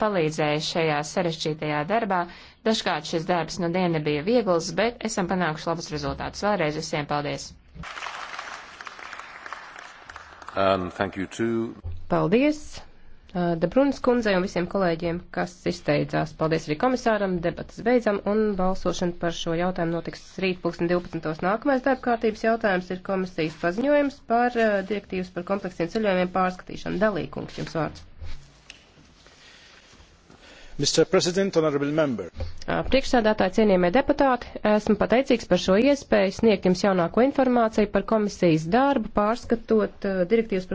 palīdzēja šajā sarežģītajā darbā. Dažkārt šis darbs no nu diena bija viegls, bet esam panākuši labus rezultātus. Vēlreiz visiem paldies! Um, paldies! Uh, Dabrunas kundzei un visiem kolēģiem, kas izteicās. Paldies arī komisāram, debatas beidzam un balsošana par šo jautājumu notiks rīt 2012. Nākamais darbkārtības jautājums ir komisijas paziņojums par uh, direktīvas par kompleksiem ceļojumiem pārskatīšanu. Dalīkungs jums vārds. Priekšsēdētāji, cienījamie deputāti, esmu pateicīgs par šo iespēju sniegt jums jaunāko informāciju par komisijas darbu, pārskatot par direktīvu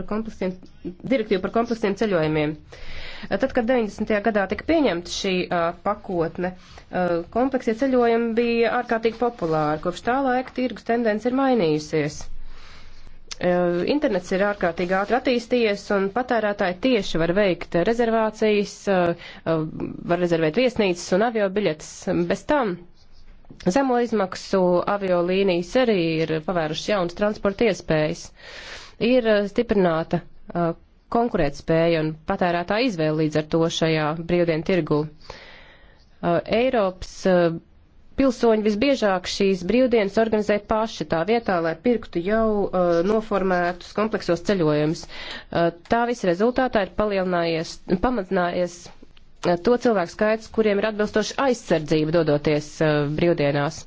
par kompleksiem ceļojumiem. Tad, kad 90. gadā tika pieņemta šī uh, pakotne, uh, kompleksie ceļojumi bija ārkārtīgi populāri. Kopš tā laika tirgus tendence ir mainījusies. E, internets ir ārkārtīgi ātri attīstījies, un patērētāji tieši var veikt rezervācijas, e, e, var rezervēt viesnīcas un avio biļetes. Bez tam zemo izmaksu avio līnijas arī ir pavērušas jaunas transporta iespējas. Ir stiprināta konkurētspēja un patērētā izvēle līdz ar to šajā brīvdienu tirgu. Eiropas Pilsoņi visbiežāk šīs brīvdienas organizē paši tā vietā, lai pirktu jau uh, noformētus kompleksos ceļojumus. Uh, tā visa rezultātā ir palielinājies, pamazinājies uh, to cilvēku skaits, kuriem ir atbilstoši aizsardzība dodoties uh, brīvdienās.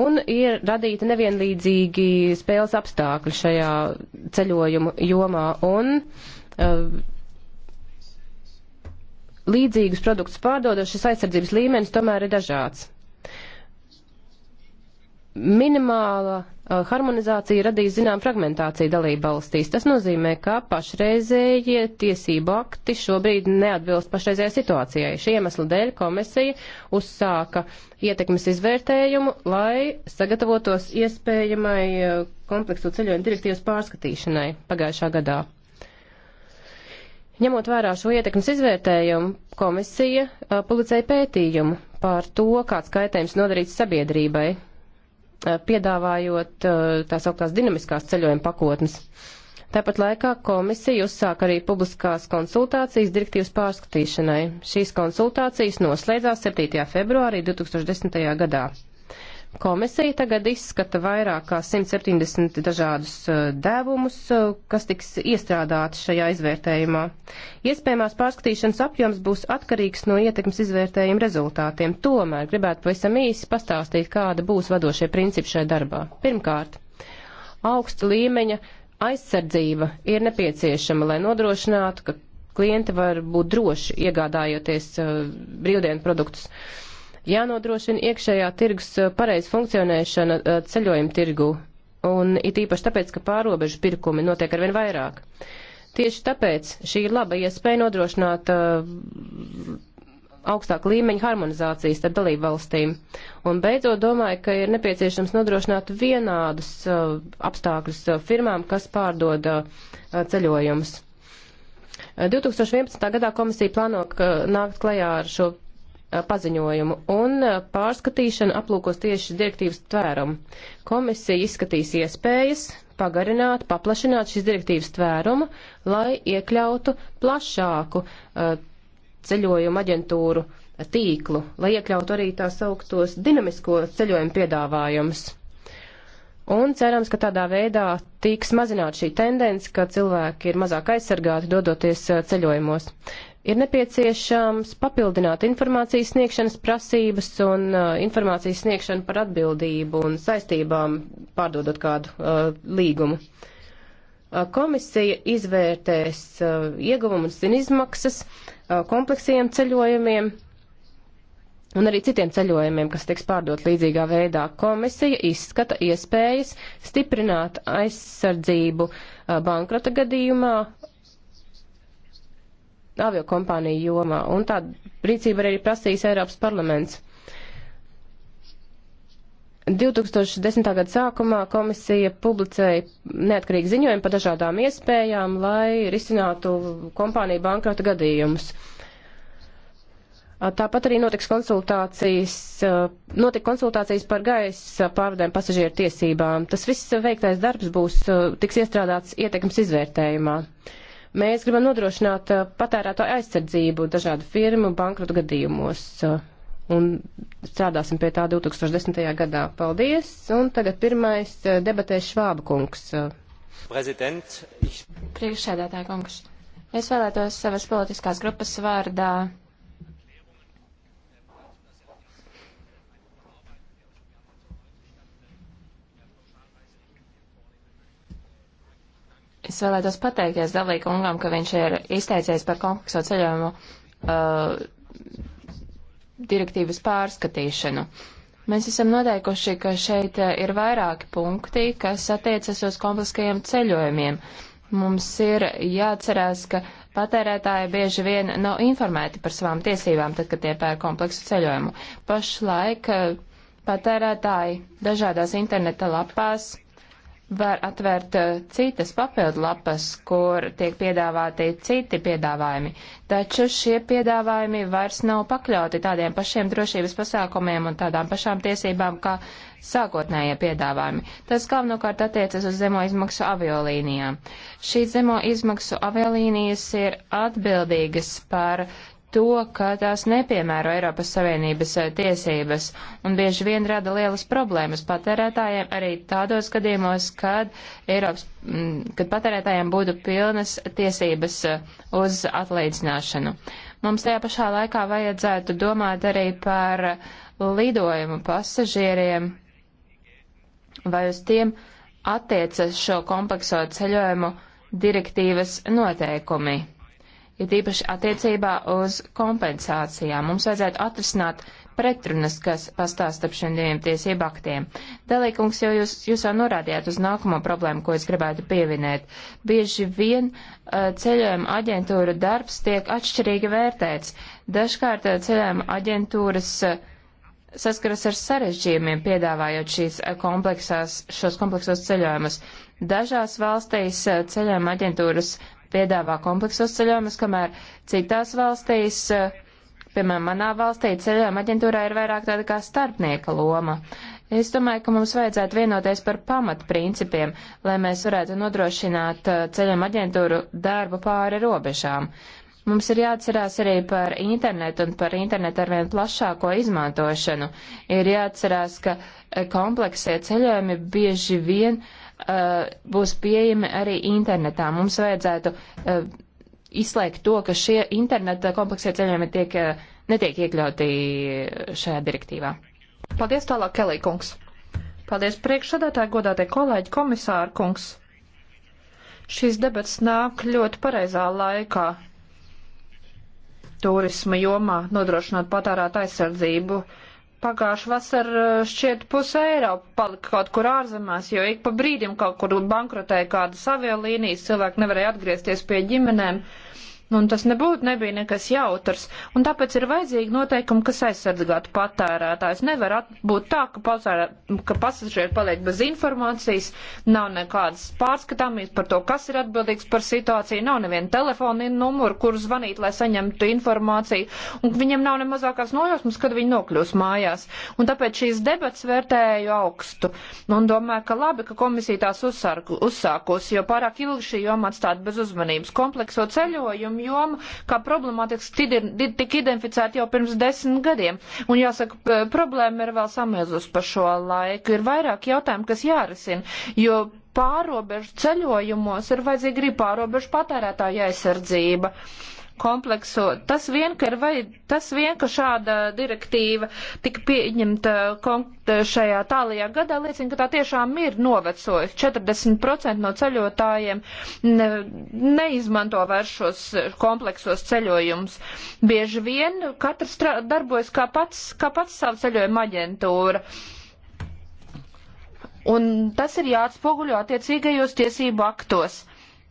Un ir radīta nevienlīdzīgi spēles apstākļi šajā ceļojumu jomā. Un, uh, Līdzīgus produktus pārdodošas aizsardzības līmenis tomēr ir dažāds minimāla uh, harmonizācija radīs zinām fragmentāciju dalību valstīs. Tas nozīmē, ka pašreizējie tiesību akti šobrīd neatbilst pašreizējai situācijai. Šī iemesla dēļ komisija uzsāka ietekmes izvērtējumu, lai sagatavotos iespējamai uh, kompleksu ceļojumu direktīvas pārskatīšanai pagājušā gadā. Ņemot vērā šo ietekmes izvērtējumu, komisija uh, publicēja pētījumu par to, kāds kaitējums nodarīts sabiedrībai Eh, piedāvājot eh, tā sauktās dinamiskās ceļojuma pakotnes. Tāpat laikā komisija uzsāka arī publiskās konsultācijas direktīvas pārskatīšanai. Šīs konsultācijas noslēdzās 7. februārī 2010. gadā. Komisija tagad izskata vairāk kā 170 dažādus uh, devumus, uh, kas tiks iestrādāti šajā izvērtējumā. Iespējamās pārskatīšanas apjoms būs atkarīgs no ietekmes izvērtējuma rezultātiem. Tomēr gribētu pavisam īsi pastāstīt, kāda būs vadošie principi šajā darbā. Pirmkārt, augsta līmeņa aizsardzība ir nepieciešama, lai nodrošinātu, ka klienti var būt droši iegādājoties uh, brīvdienu produktus. Uh, Jānodrošina iekšējā tirgus eh, pareiz funkcionēšana eh, ceļojuma tirgu, un it īpaši tāpēc, ka pārobežu pirkumi notiek arvien vairāk. Tieši tāpēc šī ir laba iespēja nodrošināt uh, augstāku līmeņu harmonizācijas starp dalību valstīm. Un beidzot, domāju, ka ir nepieciešams nodrošināt vienādus uh, apstākļus uh, firmām, kas pārdod uh, ceļojumus. 2011. gadā komisija plāno nākt klajā ar šo Eh, paziņojumu, un eh, pārskatīšana aplūkos tieši direktīvas tvērumu. Komisija izskatīs iespējas pagarināt, paplašināt šīs direktīvas tvērumu, lai iekļautu plašāku eh, ceļojumu aģentūru tīklu, lai iekļautu arī tā sauktos dinamisko ceļojumu piedāvājumus. Un cerams, ka tādā veidā tiks mazināt šī tendence, ka cilvēki ir mazāk aizsargāti dodoties ceļojumos ir nepieciešams papildināt informācijas sniegšanas prasības un uh, informācijas sniegšanu par atbildību un saistībām pārdodot kādu uh, līgumu. Uh, komisija izvērtēs uh, ieguvumus un izmaksas uh, kompleksiem ceļojumiem, un arī citiem ceļojumiem, kas tiks pārdot līdzīgā veidā. Komisija izskata iespējas stiprināt aizsardzību uh, bankrota gadījumā aviokompāniju jomā, un tādu rīcību arī prasīs Eiropas parlaments. 2010. gada sākumā komisija publicēja neatkarīgi ziņojumu par dažādām iespējām, lai risinātu kompāniju bankrota gadījumus. Tāpat arī notiks konsultācijas, notika konsultācijas par gaisa pārvadēm pasažieru tiesībām. Tas viss veiktais darbs būs, tiks iestrādāts ietekmes izvērtējumā. Uh, Mēs gribam nodrošināt uh, patērētāju aizsardzību dažādu firmu bankrotu gadījumos. Uh, un strādāsim pie tā 2010. gadā. Paldies! Un tagad pirmais uh, debatēs Švāba kungs. Prezident. Priekšsēdētāja kungs. Es vēlētos savas politiskās grupas vārdā Es vēlētos pateikties Dalīkungam, ka viņš ir izteicies par konkursu ceļojumu uh, direktīvas pārskatīšanu. Mēs esam noteikuši, ka šeit uh, ir vairāki punkti, kas attiecas uz kompleksajiem ceļojumiem. Mums ir jāatcerās, ka patērētāji bieži vien nav informēti par savām tiesībām, tad, kad tie pēr kompleksu ceļojumu. Pašlaik uh, patērētāji dažādās interneta lapās var atvērt eh, citas papildu lapas, kur tiek piedāvāti citi piedāvājumi, taču šie piedāvājumi vairs nav pakļauti tādiem pašiem drošības pasākumiem un tādām pašām tiesībām kā sākotnējie piedāvājumi. Tas galvenokārt attiecas uz zemo izmaksu aviolīnijām. Šīs zemo izmaksu aviolīnijas ir atbildīgas par to, ka tās nepiemēro Eiropas Savienības eh, tiesības un bieži vien rada lielas problēmas patērētājiem arī tādos gadījumos, kad, Eiropas, mm, kad patērētājiem būtu pilnas tiesības eh, uz atlīdzināšanu. Mums tajā pašā laikā vajadzētu domāt arī par lidojumu pasažieriem vai uz tiem attiecas šo komplekso ceļojumu direktīvas noteikumi ja tīpaši attiecībā uz kompensācijām. Mums vajadzētu atrisināt pretrunas, kas pastāv starp šiem diviem tiesību aktiem. Dalīkungs, jau jūs, jūs jau norādījāt uz nākamo problēmu, ko es gribētu pieminēt. Bieži vien uh, ceļojuma aģentūra darbs tiek atšķirīgi vērtēts. Dažkārt uh, ceļojuma aģentūras uh, saskaras ar sarežģījumiem, piedāvājot šīs uh, kompleksās, šos kompleksos ceļojumus. Dažās valstīs uh, ceļojuma aģentūras piedāvā kompleksos ceļojumus, kamēr citās valstīs, eh, piemēram, manā valstī, ceļojuma aģentūrā ir vairāk tāda kā starpnieka loma. Es domāju, ka mums vajadzētu vienoties par pamatprincipiem, lai mēs varētu nodrošināt eh, ceļam aģentūru darbu pāri robežām. Mums ir jāatcerās arī par internetu un par internetu ar vien plašāko izmantošanu. Ir jāatcerās, ka eh, kompleksie ceļojumi bieži vien uh, Uh, būs pieejami arī internetā. Mums vajadzētu uh, izslēgt to, ka šie interneta kompleksie ceļojumi tiek, uh, netiek iekļauti šajā direktīvā. Paldies tālāk, Kelī kungs. Paldies priekšsādātāji, godātie kolēģi, komisāra kungs. Šīs debats nāk ļoti pareizā laikā turisma jomā nodrošināt patērāt aizsardzību. Uh, Pagājuši vasar eh, šķiet puse Eiropa palika kaut kur ārzemēs, jo ik pa brīdim kaut kur bankrotēja kādas aviolīnijas, cilvēki nevarēja atgriezties pie ģimenēm. Uh, Nu, un tas nebūtu nebija nekas jautrs. Un tāpēc ir vajadzīgi noteikumi, kas aizsardzgātu patērētājs. Nevar būt tā, ka, pasārā, ka pasažieri paliek bez informācijas, nav nekādas pārskatāmības par to, kas ir atbildīgs par situāciju, nav neviena telefona numura, kur zvanīt, lai saņemtu informāciju. Un viņiem nav ne mazākās nojausmas, kad viņi nokļūs mājās. Un tāpēc šīs debats vērtēju augstu. Nu, un domāju, ka labi, ka komisija tās uzsākus, jo pārāk ilgi šī joma atstāta bez uzmanības. Komplekso ceļojumu pakalpojumu jomu kā problemātiski tika identificēta jau pirms desmit gadiem. Un jāsaka, problēma ir vēl samiezus pa šo laiku. Ir vairāk jautājumu, kas jārisina, jo pārobežu ceļojumos ir vajadzīga arī pārobežu patērētāja aizsardzība. Uh, komplekso. Tas vien, ka, ir vajad, tas vien, ka šāda direktīva tika pieņemta šajā tālajā gadā, liecina, ka tā tiešām ir novecojusi. 40% no ceļotājiem ne, neizmanto vairs šos kompleksos ceļojumus. Bieži vien katrs darbojas kā pats, kā pats savu ceļojumu aģentūra. Un tas ir jāatspoguļo attiecīgajos tiesību aktos.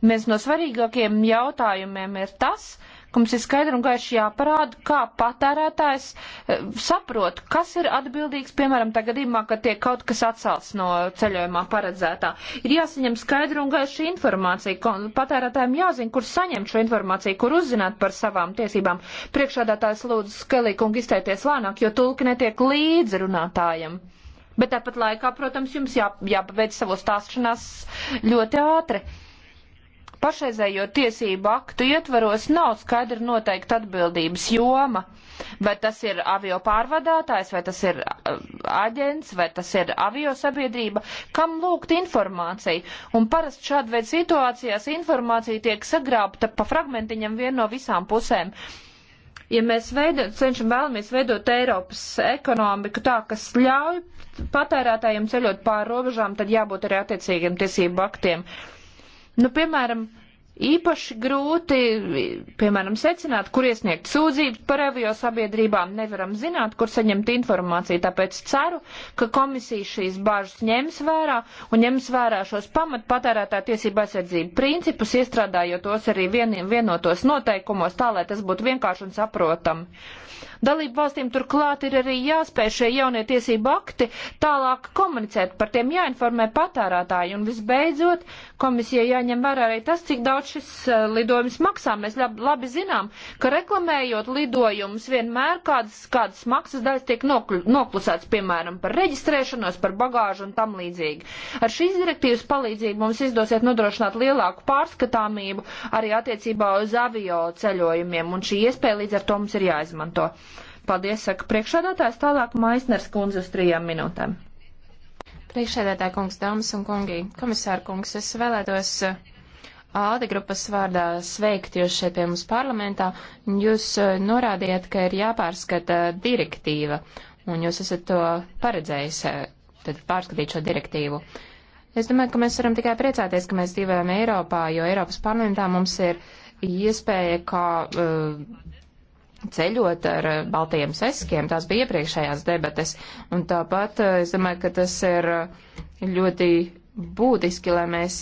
Viens no svarīgākajiem jautājumiem ir tas, ka mums ir skaidri un gaiši jāparāda, kā patērētājs eh, saprot, kas ir atbildīgs, piemēram, tā gadījumā, kad tiek kaut kas atcelts no ceļojumā paredzētā. Ir jāsaņem skaidri un gaiši informācija. Patērētājiem jāzina, kur saņemt šo informāciju, kur uzzināt par savām tiesībām. Priekšādātājs lūdzu Skelīkungu izteikties lēnāk, jo tulki netiek līdzi runātājiem. Bet tāpat laikā, protams, jums jā, jāpabeidz savu stāstšanās ļoti ātri pašreizējo tiesību aktu ietvaros nav skaidri noteikta atbildības joma. Vai tas ir avio pārvadātājs, vai tas ir uh, aģents, vai tas ir avio sabiedrība, kam lūgt informāciju. Un parasti šāda veida situācijās informācija tiek sagrābta pa fragmentiņam vien no visām pusēm. Ja mēs veido, cenšam vēlamies veidot Eiropas ekonomiku tā, kas ļauj patērētājiem ceļot pāri robežām, tad jābūt arī attiecīgiem tiesību aktiem. Uh, Nu, piemēram, īpaši grūti, piemēram, secināt, kur iesniegt sūdzības par avio sabiedrībām, nevaram zināt, kur saņemt informāciju, tāpēc ceru, ka komisija šīs bažas ņems vērā un ņems vērā šos pamat patērētā tiesība aizsardzību principus, iestrādājot tos arī vien, vienotos noteikumos, tā lai tas būtu vienkārši un saprotami. Dalību valstīm turklāt ir arī jāspēj šie jaunie tiesību akti tālāk komunicēt, par tiem jāinformē patērētāji. Un visbeidzot, komisijai jāņem vērā arī tas, cik daudz šis eh, lidojums maksā. Mēs labi, labi zinām, ka reklamējot lidojumus vienmēr kādas, kādas maksas daļas tiek nokl noklusēts, piemēram, par reģistrēšanos, par bagāžu un tam līdzīgi. Ar šīs direktīvas palīdzību mums izdosiet nodrošināt lielāku pārskatāmību arī attiecībā uz avio ceļojumiem, un šī iespēja līdz ar to mums ir jāizmanto. Paldies, saka priekšādātājs, tālāk Maisners kundze uz trijām minūtēm. Priekšsēdētāja kungs, dāmas un kungi, komisāra kungs, es vēlētos uh, Alde grupas vārdā sveikt jūs šeit pie mums parlamentā. Jūs uh, norādījāt, ka ir jāpārskata direktīva, un jūs esat to paredzējis, uh, tad pārskatīt šo direktīvu. Es domāju, ka mēs varam tikai priecāties, ka mēs dzīvojam Eiropā, jo Eiropas parlamentā mums ir iespēja kā uh, ceļot ar eh, baltajiem seskiem, tās bija iepriekšējās debates. Un tāpat eh, es domāju, ka tas ir eh, ļoti būtiski, lai mēs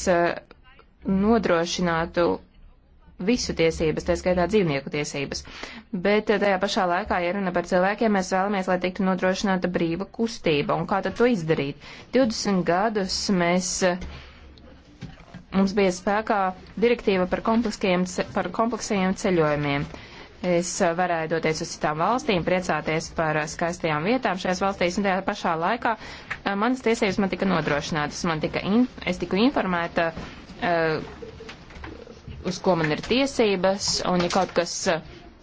nodrošinātu visu tiesības, tā skaitā dzīvnieku tiesības. Bet tajā pašā laikā, ja runa par cilvēkiem, mēs vēlamies, lai tiktu nodrošināta brīva kustība. Un kā tad to izdarīt? 20 gadus mēs mums bija spēkā direktīva par kompleksajiem, par kompleksajiem ceļojumiem. Es eh, varēju doties uz citām valstīm, priecāties par eh, skaistajām vietām šajās valstīs, un tajā pašā laikā eh, manas tiesības man tika nodrošinātas. Man tika in, es tiku informēta, uz ko man ir tiesības, un ja kaut kas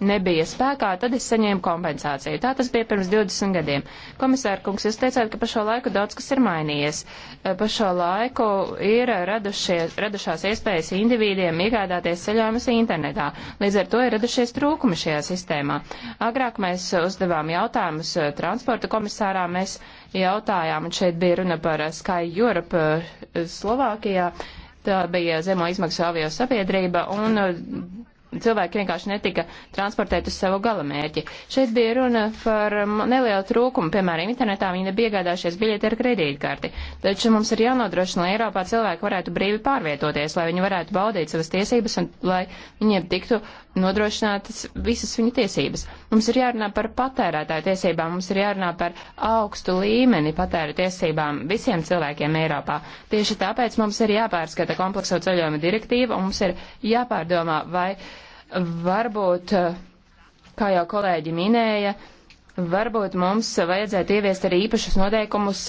nebija spēkā, tad es saņēmu kompensāciju. Tā tas bija pirms 20 gadiem. Komisāra kungs, jūs teicāt, ka pa šo laiku daudz kas ir mainījies. Eh, pa šo laiku ir radušies, radušās iespējas individiem iegādāties ceļojumus internetā. Līdz ar to ir radušies trūkumi šajā sistēmā. Agrāk mēs uzdevām jautājumus eh, transporta komisārā, mēs jautājām, un šeit bija runa par eh, Sky Europe Slovākijā. Tā bija zemo izmaksu avio sabiedrība, un cilvēki vienkārši netika transportēti uz savu galamērķi. Šeit bija runa par nelielu trūkumu, piemēram, internetā viņi nebija iegādājušies biļeti ar kredītkarti. Taču mums ir jānodrošina, lai Eiropā cilvēki varētu brīvi pārvietoties, lai viņi varētu baudīt savas tiesības un lai viņiem tiktu nodrošinātas visas viņu tiesības. Mums ir jārunā par patērētāju tiesībām, mums ir jārunā par augstu līmeni patēru tiesībām visiem cilvēkiem Eiropā. Tieši tāpēc mums ir jāpārskata komplekso ceļojuma direktīva un mums ir jāpārdomā, vai varbūt, kā jau kolēģi minēja, varbūt mums vajadzētu ieviest arī īpašus noteikumus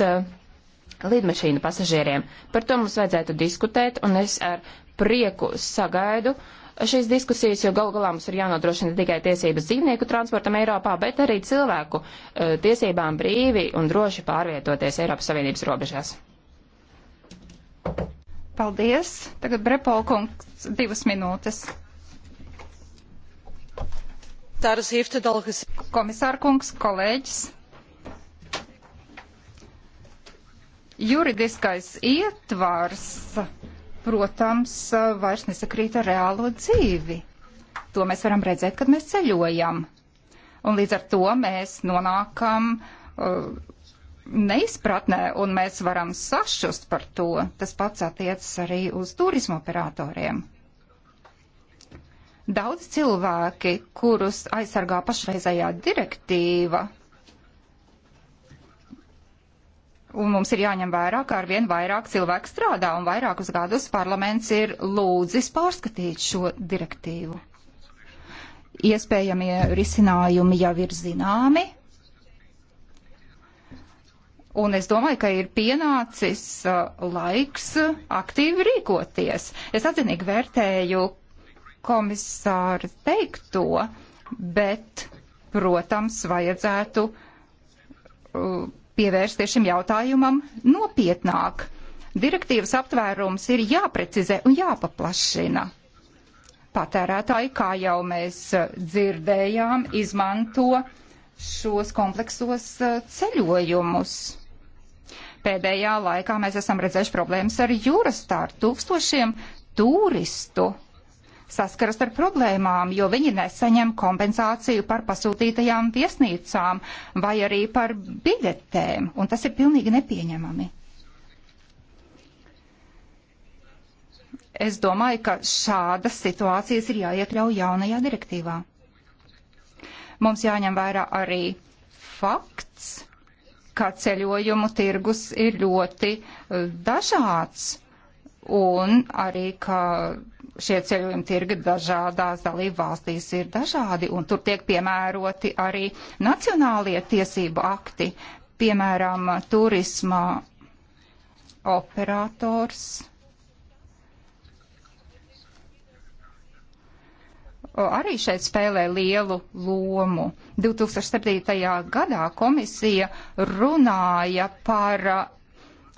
lidmašīnu pasažieriem. Par to mums vajadzētu diskutēt, un es ar prieku sagaidu uh, šīs diskusijas, jo gal galā mums ir jānodrošina tikai tiesības dzīvnieku transportam Eiropā, bet arī cilvēku e, tiesībām brīvi un droši pārvietoties Eiropas Savienības robežās. Paldies. Tagad Brepolkungs divas minūtes. Komisārkungs, kolēģis. Juridiskais ietvars protams, eh, vairs nesakrīt ar reālo dzīvi. To mēs varam redzēt, kad mēs ceļojam. Un līdz ar to mēs nonākam uh, neizpratnē, un mēs varam sašust par to. Tas pats attiecas arī uz turismu operatoriem. Daudz cilvēki, kurus aizsargā pašreizējā direktīva, Un mums ir jāņem vērā, ka arvien vairāk cilvēku strādā, un vairākus gadus parlaments ir lūdzis pārskatīt šo direktīvu. Iespējamie risinājumi jau ir zināmi, Un es domāju, ka ir pienācis uh, laiks aktīvi rīkoties. Es atzinīgi vērtēju komisāru teikto, bet, protams, vajadzētu uh, pievērsties šim jautājumam nopietnāk. Direktīvas aptvērums ir jāprecizē un jāpaplašina. Patērētāji, kā jau mēs eh, dzirdējām, izmanto šos kompleksos eh, ceļojumus. Pēdējā laikā mēs esam redzējuši problēmas ar jūrastāru tūkstošiem turistu saskaras ar problēmām, jo viņi nesaņem kompensāciju par pasūtītajām viesnīcām vai arī par biļetēm, un tas ir pilnīgi nepieņemami. Es domāju, ka šādas situācijas ir jāiekļauj jaunajā direktīvā. Mums jāņem vērā arī fakts, ka ceļojumu tirgus ir ļoti eh, dažāds un arī, ka šie ceļojuma tirgi dažādās dalību valstīs ir dažādi, un tur tiek piemēroti arī nacionālie tiesību akti, piemēram, turisma operators. Arī šeit spēlē lielu lomu. 2007. gadā komisija runāja par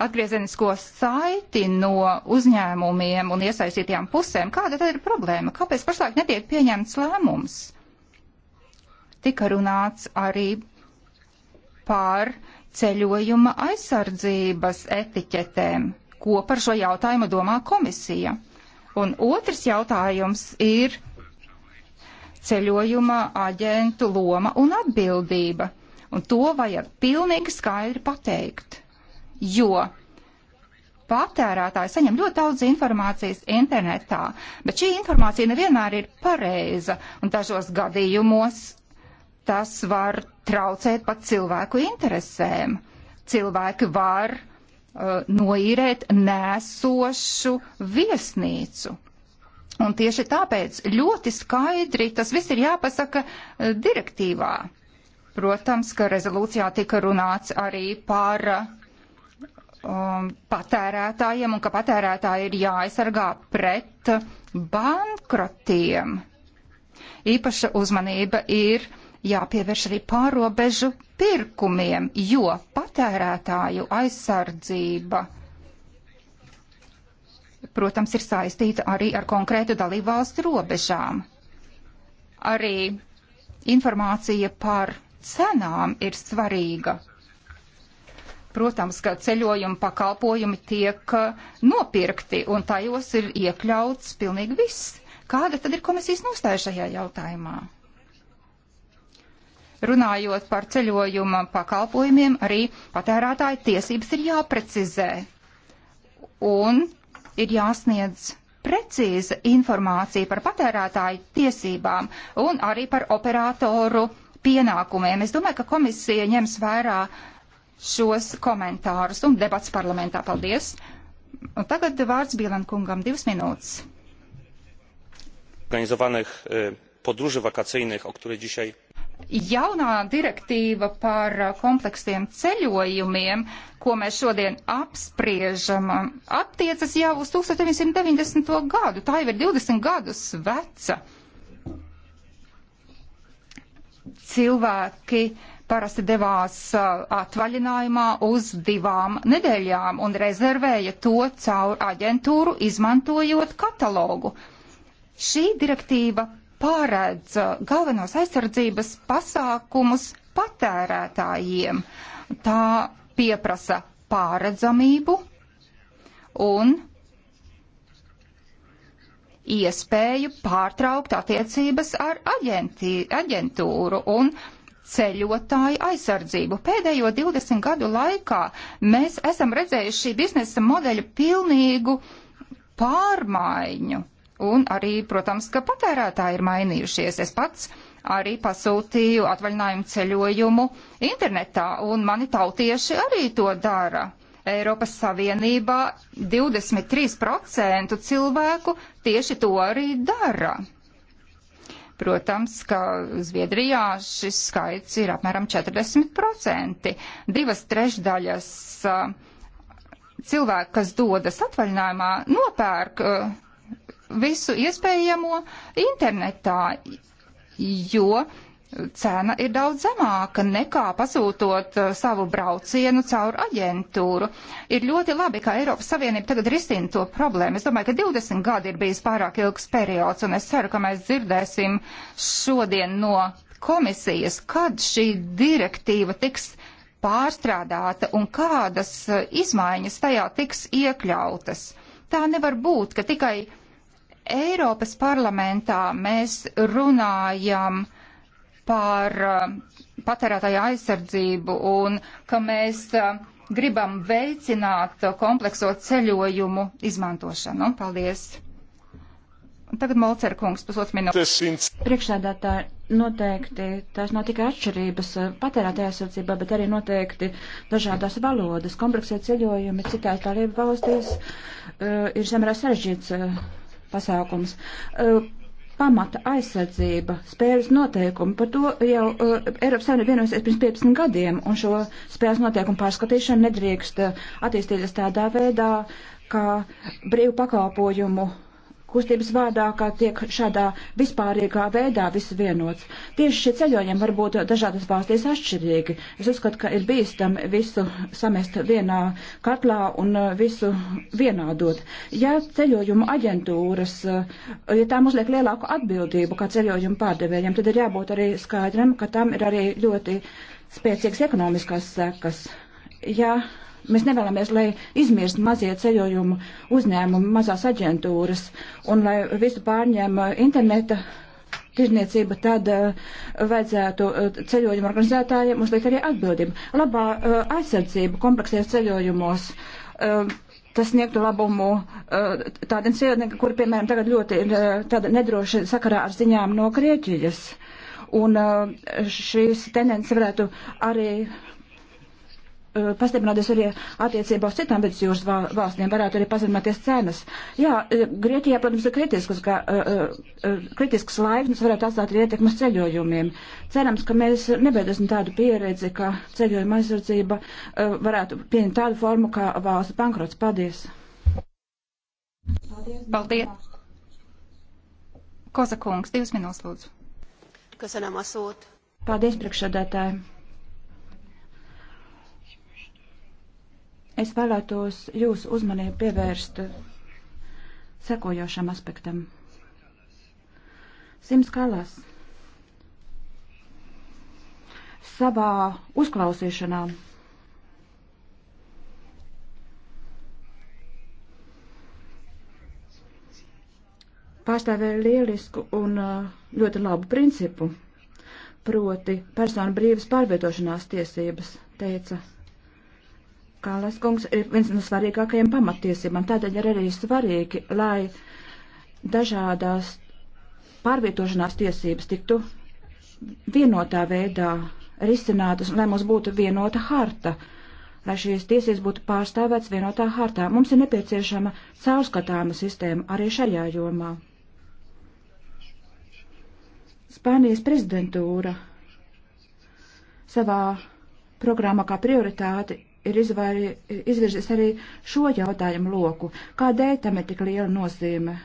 atgriezenisko saiti no uzņēmumiem un iesaistītajām pusēm, kāda tad ir problēma? Kāpēc pašlaik netiek pieņemts lēmums? Tika runāts arī par ceļojuma aizsardzības etiķetēm. Ko par šo jautājumu domā komisija? Un otrs jautājums ir ceļojuma aģentu loma un atbildība. Un to vajag pilnīgi skaidri pateikt jo patērētāji saņem ļoti daudz informācijas internetā, bet šī informācija nevienmēr ir pareiza, un dažos gadījumos tas var traucēt pat cilvēku interesēm. Cilvēki var uh, noīrēt nēsošu viesnīcu. Un tieši tāpēc ļoti skaidri tas viss ir jāpasaka uh, direktīvā. Protams, ka rezolūcijā tika runāts arī par uh, um, patērētājiem un ka patērētāji ir jāaizsargā pret bankrotiem. Īpaša uzmanība ir jāpievērš arī pārobežu pirkumiem, jo patērētāju aizsardzība, protams, ir saistīta arī ar konkrētu dalībvalstu robežām. Arī informācija par cenām ir svarīga Protams, ka ceļojuma pakalpojumi tiek uh, nopirkti un tajos ir iekļauts pilnīgi viss. Kāda tad ir komisijas nostāja šajā jautājumā? Runājot par ceļojuma pakalpojumiem, arī patērētāja tiesības ir jāprecizē un ir jāsniedz precīza informācija par patērētāju tiesībām un arī par operatoru pienākumiem. Es domāju, ka komisija ņems vērā šos komentārus un debats parlamentā. Paldies! Un tagad vārds Bielankungam divas minūtes. Organizovanih e, podruži vakacīnih, o kuri dzisiaj. Jaunā direktīva par e, kompleksiem ceļojumiem, ko mēs šodien apspriežam, e, attiecas jau uz 1990. gadu. Tā jau ir 20 gadus veca. Cilvēki uh, parasti devās uh, atvaļinājumā uz divām nedēļām un rezervēja to caur aģentūru, izmantojot katalogu. Šī direktīva pārēdz uh, galvenos aizsardzības pasākumus patērētājiem. Tā pieprasa pāredzamību un iespēju pārtraukt attiecības ar aģentī, aģentūru un aģentūru ceļotāju aizsardzību. Pēdējo 20 gadu laikā mēs esam redzējuši šī biznesa modeļa pilnīgu pārmaiņu. Un arī, protams, ka patērētāji ir mainījušies. Es pats arī pasūtīju atvaļinājumu ceļojumu internetā, un mani tautieši arī to dara. Eiropas Savienībā 23% cilvēku tieši to arī dara. Protams, ka Zviedrijā šis skaits ir apmēram 40%. Divas trešdaļas eh, cilvēku, kas dodas atvaļinājumā, nopērk eh, visu iespējamo internetā, jo cena ir daudz zemāka nekā pasūtot uh, savu braucienu caur aģentūru. Ir ļoti labi, ka Eiropas Savienība tagad risina to problēmu. Es domāju, ka 20 gadi ir bijis pārāk ilgs periods, un es ceru, ka mēs dzirdēsim šodien no komisijas, kad šī direktīva tiks pārstrādāta un kādas uh, izmaiņas tajā tiks iekļautas. Tā nevar būt, ka tikai Eiropas parlamentā mēs runājam uh, par eh, patērētāju aizsardzību un ka mēs eh, gribam veicināt komplekso ceļojumu izmantošanu. Paldies! Tagad Molcer kungs, pusotru minūti. Priekšsēdētāji, noteikti tās nav tikai atšķirības patērētāja aizsardzībā, bet arī noteikti dažādās valodas. Kompleksie ceļojumi citās dalību valstīs uh, ir samērā sarežģīts uh, pasākums. Uh, pamata aizsardzība, spēles noteikumi. Par to jau uh, Eiropas Savienība vienojasies pirms 15 gadiem, un šo spēles noteikumu pārskatīšanu nedrīkst uh, attīstīties tādā veidā, kā brīvu pakalpojumu uh, kustības vārdā, kā tiek šādā vispārīgā veidā viss vienots. Tieši šie ceļojumi var būt dažādas valstīs atšķirīgi. Es uzskatu, ka ir bīstam visu samest vienā katlā un uh, visu vienādot. Ja ceļojumu aģentūras, uh, ja tām uzliek lielāku atbildību kā ceļojumu pārdevējiem, tad ir jābūt arī skaidram, ka tam ir arī ļoti spēcīgas ekonomiskās sekas. Ja Mēs nevēlamies, lai izmirst mazie ceļojumu uzņēmumi, mazās aģentūras un lai visu pārņēma uh, interneta tirzniecība, tad uh, vajadzētu uh, ceļojumu organizētājiem uzlikt arī atbildību. Labā uh, aizsardzība kompleksajos ceļojumos. Uh, tas sniegtu labumu uh, tādiem cilvēkiem, kuri, piemēram, tagad ļoti ir tāda nedroša sakarā ar ziņām no Grieķijas. Un šīs tendences varētu arī Eh, pastiprināties arī attiecībā uz citām vidusjūras valstīm, varētu arī pazemināties cenas. Jā, eh, Grieķijā, protams, ir kritisks, ka, eh, kritisks laiks varētu atstāt arī ietekmes ceļojumiem. Cerams, ka mēs nebeidēsim tādu pieredzi, ka ceļojuma aizsardzība varētu pieņemt tādu formu kā valsts bankrots. Paldies! Paldies! Paldies. Kozakungs, divas minūtes lūdzu. Köszönöm a szót. Paldies, priekšsēdētāji. Es vēlētos jūsu uzmanību pievērst sekojošam aspektam. Sims Kalas savā uzklausīšanā pārstāvēja lielisku un uh, ļoti labu principu, proti personu brīvas pārvietošanās tiesības, teica Kalas kungs ir viens no svarīgākajiem pamatiesībām. Tādēļ ir arī svarīgi, lai dažādās pārvietošanās tiesības tiktu vienotā veidā risinātas, lai mums būtu vienota harta, lai šīs tiesības būtu pārstāvēts vienotā hartā. Mums ir nepieciešama caurskatāma sistēma arī šajā jomā. Spānijas prezidentūra savā programmā kā prioritāti ir izvairi, izvirzis arī šo jautājumu loku. Kādēļ tam ir tik liela nozīme?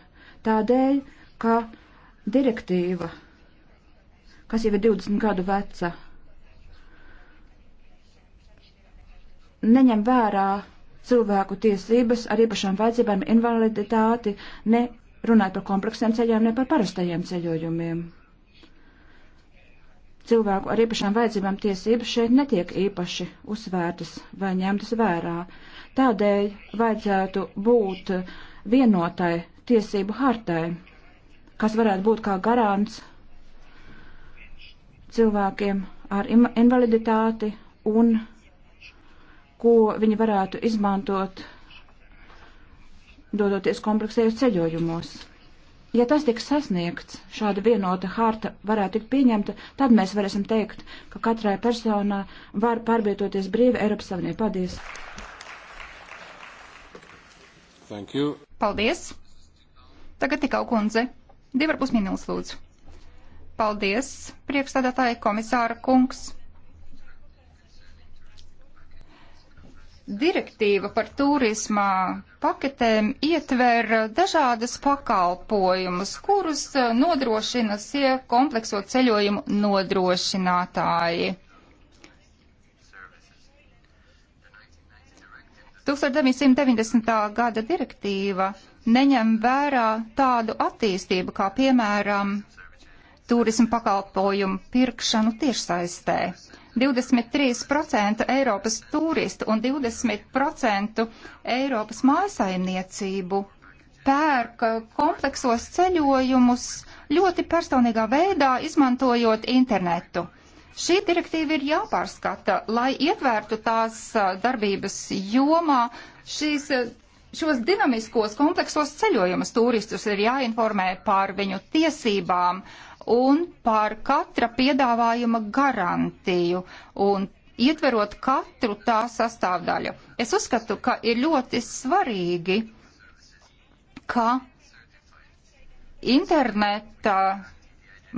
Tādēļ, ka direktīva, kas jau ir 20 gadu veca, neņem vērā cilvēku tiesības ar īpašām vajadzībām, invaliditāti, ne runāt par kompleksiem ceļiem, ne par parastajiem ceļojumiem cilvēku ar īpašām vajadzībām tiesības šeit netiek īpaši uzsvērtas vai ņemtas vērā. Tādēļ vajadzētu būt vienotai tiesību hartai, kas varētu būt kā garants cilvēkiem ar invaliditāti un ko viņi varētu izmantot, dodoties kompleksējos ceļojumos. Ja tas tiks sasniegts, šāda vienota harta varētu tikt pieņemta, tad mēs varēsim teikt, ka katrai personā var pārvietoties brīvi Eiropas Savienībā. Paldies! Thank you. Paldies! Tagad tikau kundze. Divarpus minūtes lūdzu. Paldies, priekšstādātāja komisāra kungs. Direktīva par turismā paketēm ietver dažādas pakalpojumus, kurus e, nodrošina sie komplekso ceļojumu nodrošinātāji. 1990. gada direktīva neņem vērā tādu attīstību kā, piemēram, turismu pakalpojumu pirkšanu tiešsaistē. 23% Eiropas turistu un 20% Eiropas mājasaimniecību pērk kompleksos ceļojumus ļoti personīgā veidā, izmantojot internetu. Šī direktīva ir jāpārskata, lai ietvērtu tās darbības jomā šīs, šos dinamiskos kompleksos ceļojumus. Turistus ir jāinformē par viņu tiesībām, uh, un par katra piedāvājuma garantiju un ietverot katru tā sastāvdaļu. Es uzskatu, ka ir ļoti svarīgi, ka interneta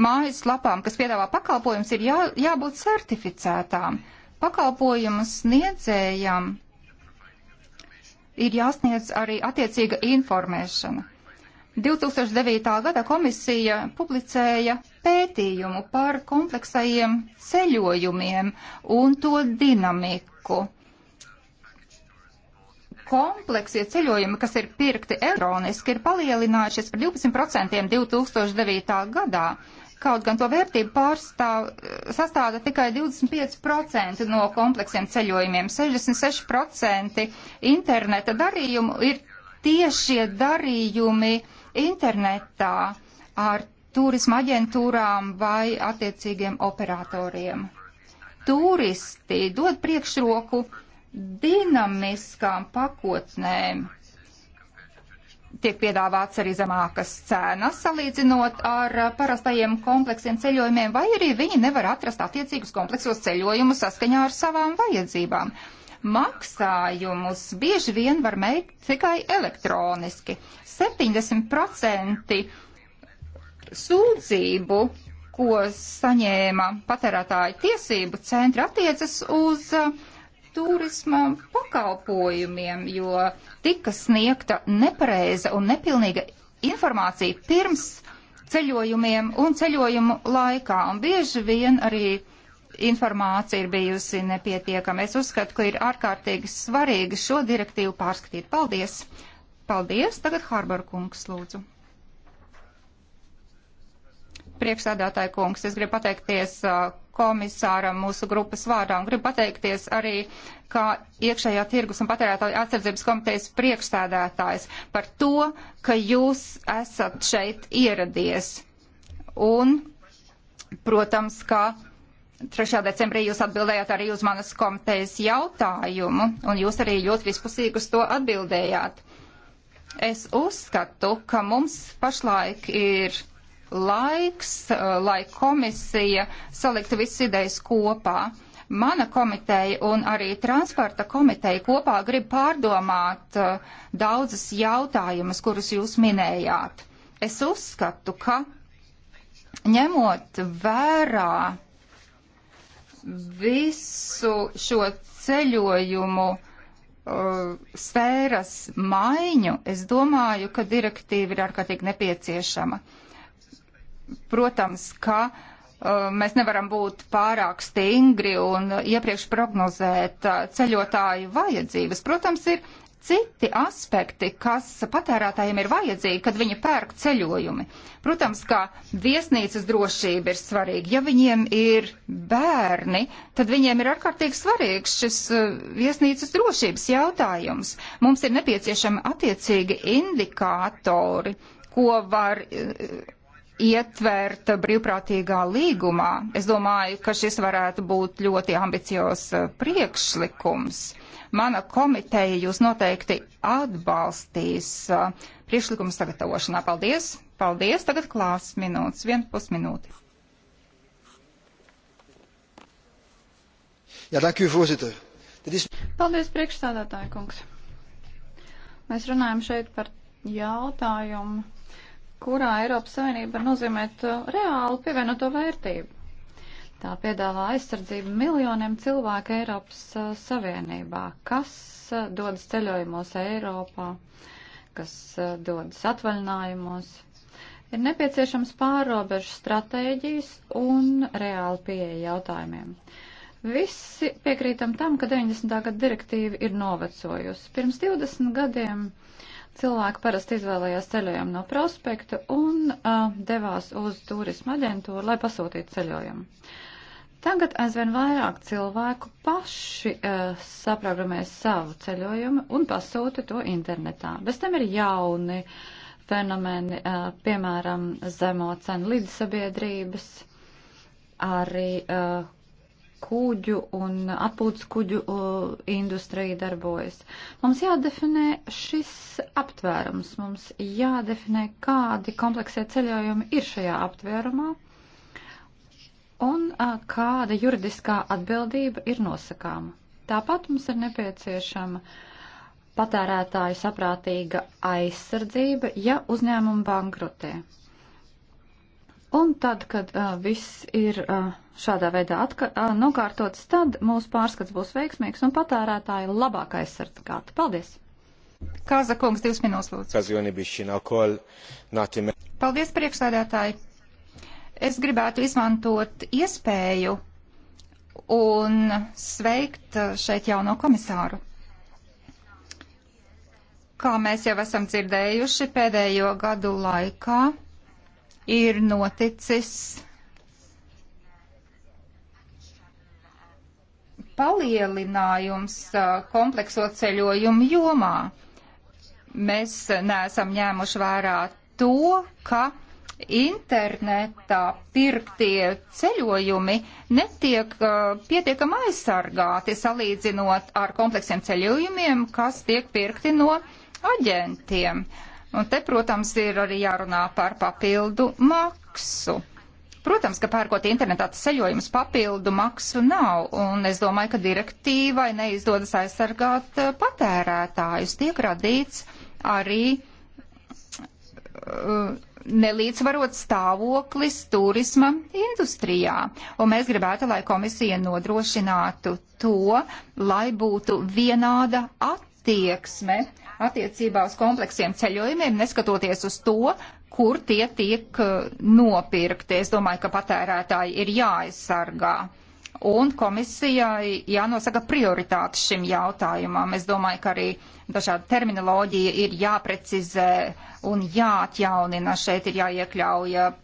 mājaslapām, kas piedāvā pakalpojumus, ir jā, jābūt certificētām. Pakalpojumu sniedzējam ir jāsniedz arī attiecīga informēšana. 2009. gada komisija publicēja pētījumu par kompleksajiem ceļojumiem un to dinamiku. Kompleksie ceļojumi, kas ir pirkti elektroniski, ir palielinājušies par 12% 2009. gadā kaut gan to vērtību pārstāv, sastāda tikai 25% no kompleksiem ceļojumiem. 66% interneta darījumu ir tiešie darījumi internetā ar turisma aģentūrām vai attiecīgiem operatoriem. Turisti dod priekšroku dinamiskām pakotnēm. Tiek piedāvāts arī zemākas cenas, salīdzinot ar parastajiem kompleksiem ceļojumiem, vai arī viņi nevar atrast attiecīgus kompleksos ceļojumus saskaņā ar savām vajadzībām. Uh, Maksājumus bieži vien var veikt tikai elektroniski. 70% sūdzību, ko saņēma patērētāju tiesību centri, attiecas uz uh, turisma pakalpojumiem, jo tika sniegta nepareiza un nepilnīga informācija pirms ceļojumiem un ceļojumu laikā. Un bieži vien arī uh, informācija ir bijusi nepietiekama. Es uzskatu, ka ir ārkārtīgi svarīgi šo direktīvu pārskatīt. Paldies! Paldies! Tagad Harbor kungs lūdzu. Priekšsēdētāja kungs, es gribu pateikties uh, komisāram mūsu grupas vārdā un gribu pateikties arī, kā iekšējā tirgus un patērētāju atsardzības komitejas priekšsēdētājs par to, ka jūs esat šeit ieradies. Un, protams, ka 3. decembrī jūs atbildējāt arī uz manas komitejas jautājumu, un jūs arī ļoti vispusīgi uz to atbildējāt. Es uzskatu, ka mums pašlaik ir laiks, eh, lai komisija saliktu visas idejas kopā. Mana komiteja un arī transporta komiteja kopā grib pārdomāt eh, daudzas jautājumas, kurus jūs minējāt. Es uzskatu, ka ņemot vērā visu šo ceļojumu uh, sfēras maiņu, es domāju, ka direktīva ir ārkārtīgi nepieciešama. Protams, ka uh, mēs nevaram būt pārāk stingri un iepriekš prognozēt uh, ceļotāju vajadzības. Protams, ir citi aspekti, kas patērētājiem ir vajadzīgi, kad viņi pērk ceļojumi. Protams, kā viesnīcas drošība ir svarīga. Ja viņiem ir bērni, tad viņiem ir ārkārtīgi svarīgs šis uh, viesnīcas drošības jautājums. Mums ir nepieciešami attiecīgi indikātori, ko var uh, ietverta brīvprātīgā līgumā. Es domāju, ka šis varētu būt ļoti ambiciozs uh, priekšlikums. Uh, Mana komiteja jūs noteikti atbalstīs uh, priekšlikumu sagatavošanā. Paldies! Paldies! Tagad klās minūtes, vien pusminūti. Ja, dank u, voorzitter. Dit is... Paldies, priekšstādātāja kungs. Mēs runājam šeit par jautājumu, kurā Eiropas Savienība var nozīmēt uh, reālu pievienoto vērtību. Tā piedāvā aizsardzību miljoniem cilvēku Eiropas Savienībā, kas dodas ceļojumos Eiropā, kas dodas atvaļinājumos. Ir nepieciešams pārobežu stratēģijas un reāli pieeja jautājumiem. Visi piekrītam tam, ka 90. gada direktīva ir novecojusi. Pirms 20 gadiem cilvēki parasti izvēlējās ceļojumu no prospekta un uh, devās uz turisma aģentūru, lai pasūtītu ceļojumu. Tagad aizvien vairāk cilvēku paši uh, eh, saprogrammē savu ceļojumu un pasūta to internetā. Bez tam ir jauni fenomeni, uh, piemēram, zemo cenu līdzsabiedrības, arī uh, kuģu un atpūtas kuģu uh, industrija darbojas. Mums jādefinē šis aptvērums, mums jādefinē, kādi kompleksie ceļojumi ir šajā aptvērumā un kāda juridiskā atbildība ir nosakāma. Tāpat mums ir nepieciešama patērētāju saprātīga aizsardzība, ja uzņēmumi bankrotē. Un tad, kad uh, viss ir uh, šādā veidā atka, uh, nokārtots, tad mūsu pārskats būs veiksmīgs un patērētāji labāk aizsargāti. Paldies! Kāza kungs, divas minūtes lūdzu. Paldies, priekšsēdētāji! Es gribētu izmantot iespēju un sveikt šeit jauno komisāru. Kā mēs jau esam dzirdējuši, pēdējo gadu laikā ir noticis palielinājums komplekso ceļojumu jomā. Mēs neesam ņēmuši vērā to, ka internetā pirktie ceļojumi netiek uh, pietiekam aizsargāti salīdzinot ar kompleksiem ceļojumiem, kas tiek pirkti no aģentiem. Un te, protams, ir arī jārunā par papildu maksu. Protams, ka pērkot internetā ceļojumus papildu maksu nav, un es domāju, ka direktīvai neizdodas aizsargāt patērētājus. Tiek radīts arī uh, nelīdzvarot stāvoklis turisma industrijā. Un mēs gribētu, lai komisija nodrošinātu to, lai būtu vienāda attieksme attiecībā uz kompleksiem ceļojumiem, neskatoties uz to, kur tie tiek eh, nopirkti. Es domāju, ka patērētāji ir jāaizsargā un komisijai jānosaka prioritātes šim jautājumam. Es domāju, ka arī dažāda terminoloģija ir jāprecizē un jāatjaunina. Šeit ir jāiekļauj eh,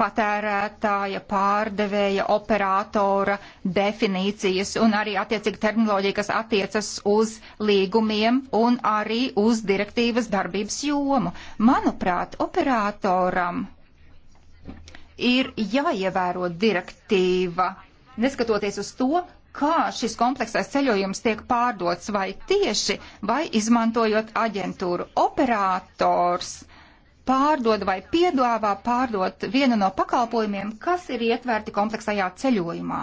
patērētāja, pārdevēja, operatora definīcijas un arī attiecīgi terminoloģija, kas attiecas uz līgumiem un arī uz direktīvas darbības jomu. Manuprāt, operatoram ir jāievēro direktīva neskatoties uz to, kā šis kompleksais ceļojums tiek pārdots vai tieši, vai izmantojot aģentūru. Operators pārdod vai piedāvā pārdot vienu no pakalpojumiem, kas ir ietverti kompleksajā ceļojumā.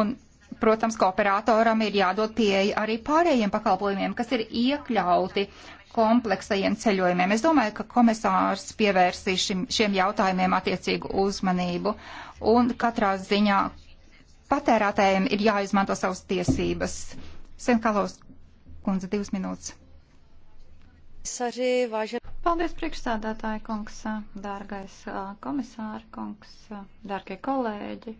Un, protams, ka operatoram ir jādod pieeja arī pārējiem pakalpojumiem, kas ir iekļauti kompleksajiem ceļojumiem. Es domāju, ka komisārs pievērsīs šim, šiem jautājumiem attiecīgu uzmanību un katrā ziņā patērētājiem ir jāizmanto savas tiesības. Senkalos kundze, divas minūtes. Paldies, priekšstādātāja kungs, dārgais komisāra kungs, dārgie kolēģi,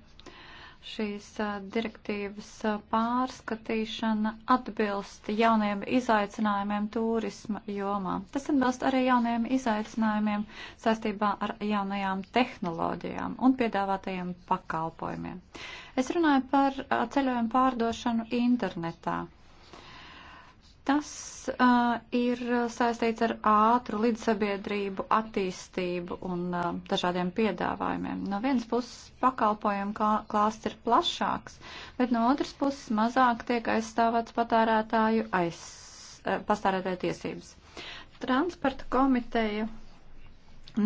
šīs direktīvas pārskatīšana atbilst jauniem izaicinājumiem turisma jomā. Tas atbilst arī jauniem izaicinājumiem saistībā ar jaunajām tehnoloģijām un piedāvātajiem pakalpojumiem. Es runāju par ceļojumu pārdošanu internetā. Tas uh, ir saistīts ar ātru līdzsabiedrību attīstību un uh, dažādiem piedāvājumiem. No vienas puses pakalpojumu klāsts ir plašāks, bet no otras puses mazāk tiek aizstāvots patērētāju aiz, uh, patērētāju tiesības. Transporta komiteja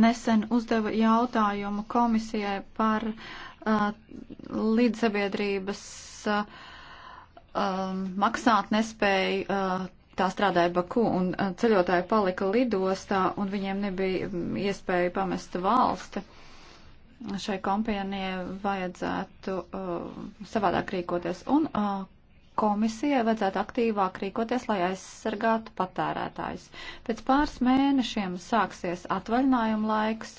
nesen uzdeva jautājumu komisijai par uh, līdzsabiedrības uh, um, maksāt nespēju. Uh, Tā strādāja Baku, un uh, ceļotāji palika lidostā, un viņiem nebija mm, iespēja pamest valsti. Šai kompānijai vajadzētu uh, savādāk rīkoties, un uh, komisijai vajadzētu aktīvāk rīkoties, lai aizsargātu patērētājus. Pēc pāris mēnešiem sāksies atvaļinājuma laiks,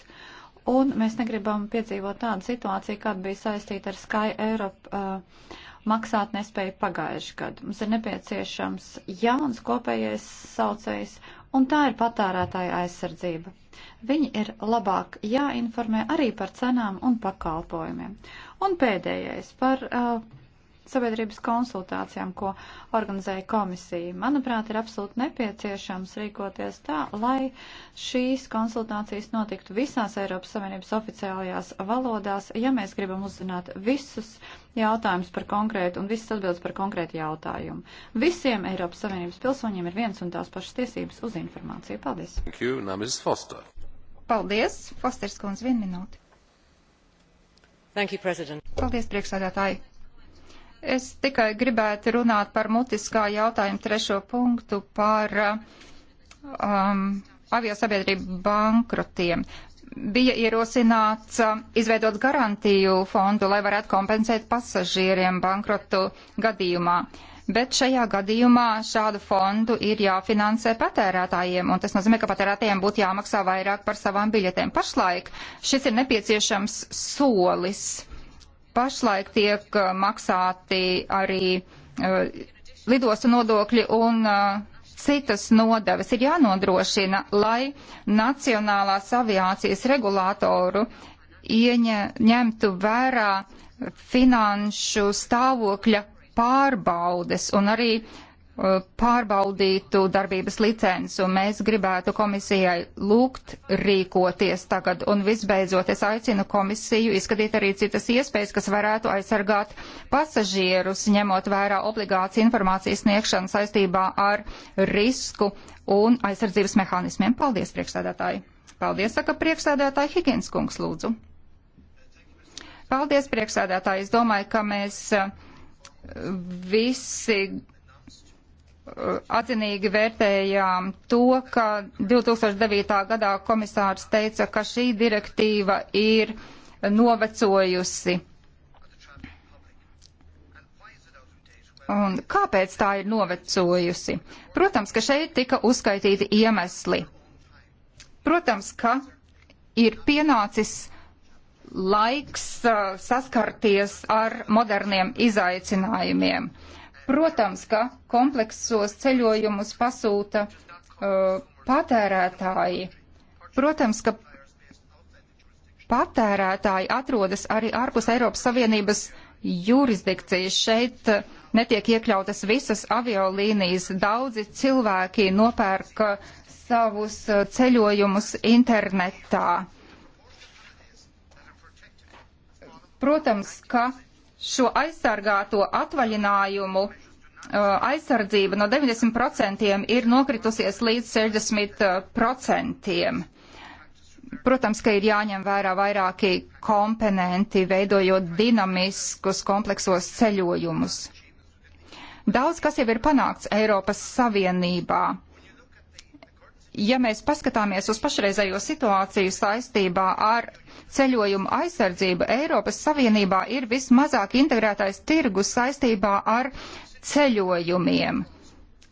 un mēs negribam piedzīvot tādu situāciju, kāda bija saistīta ar Sky Europe. Uh, maksāt nespēju pagājuši gadu. Mums ir nepieciešams jauns kopējais saucējs, un tā ir patārētāja aizsardzība. Viņi ir labāk jāinformē arī par cenām un pakalpojumiem. Un pēdējais par uh, sabiedrības konsultācijām, ko organizēja komisija. Manuprāt, ir absolūti nepieciešams rīkoties tā, lai šīs konsultācijas notiktu visās Eiropas Savienības oficiālajās valodās, ja mēs gribam uzzināt visus jautājumus par konkrētu un visas atbildes par konkrētu jautājumu. Visiem Eiropas Savienības pilsoņiem ir viens un tās pašas tiesības uz informāciju. Paldies! You, Foster. Paldies! Fosters kundze, vienu minūti. You, Paldies, priekšsādātāji! Es tikai gribētu runāt par mutiskā jautājuma trešo punktu par um, aviosabiedrību bankrotiem. Bija ierosināts uh, izveidot garantiju fondu, lai varētu kompensēt pasažieriem bankrotu gadījumā. Bet šajā gadījumā šādu fondu ir jāfinansē patērētājiem, un tas nozīmē, ka patērētājiem būtu jāmaksā vairāk par savām biļetēm. Pašlaik šis ir nepieciešams solis. Uh, Pašlaik tiek uh, maksāti arī uh, lidostu nodokļi un uh, citas nodevas. Ir jānodrošina, lai Nacionālās aviācijas regulātoru ieņemtu vērā finanšu stāvokļa pārbaudes un arī uh, pārbaudītu darbības licenci, un mēs gribētu komisijai lūgt rīkoties tagad. Un visbeidzot, es aicinu komisiju izskatīt arī citas iespējas, kas varētu aizsargāt pasažierus, ņemot vērā obligāciju informācijas sniegšanu saistībā ar risku un aizsardzības mehānismiem. Paldies, priekšsēdētāji! Paldies, saka priekšsēdētāji Higienas kungs, lūdzu. Paldies, priekšsēdētāji. Es domāju, ka mēs eh, visi atzinīgi vērtējām to, ka 2009. gadā komisārs teica, ka šī direktīva ir novecojusi. Un kāpēc tā ir novecojusi? Protams, ka šeit tika uzskaitīti iemesli. Protams, ka ir pienācis laiks uh, saskarties ar moderniem izaicinājumiem. Uh, Protams, ka kompleksos ceļojumus pasūta uh, patērētāji. Protams, ka patērētāji atrodas arī ārpus Eiropas Savienības jurisdikcijas. Šeit uh, netiek iekļautas visas aviolīnijas. Daudzi cilvēki nopērk uh, savus uh, ceļojumus internetā. Protams, ka šo aizsargāto atvaļinājumu uh, aizsardzība no 90% ir nokritusies līdz 60%. Protams, ka ir jāņem vērā vairāki komponenti, veidojot dinamiskus kompleksos ceļojumus. Daudz kas jau ir panākts Eiropas Savienībā. Ja mēs paskatāmies uz pašreizējo situāciju saistībā ar ceļojumu aizsardzība Eiropas Savienībā ir vismazāk integrētais tirgus saistībā ar ceļojumiem.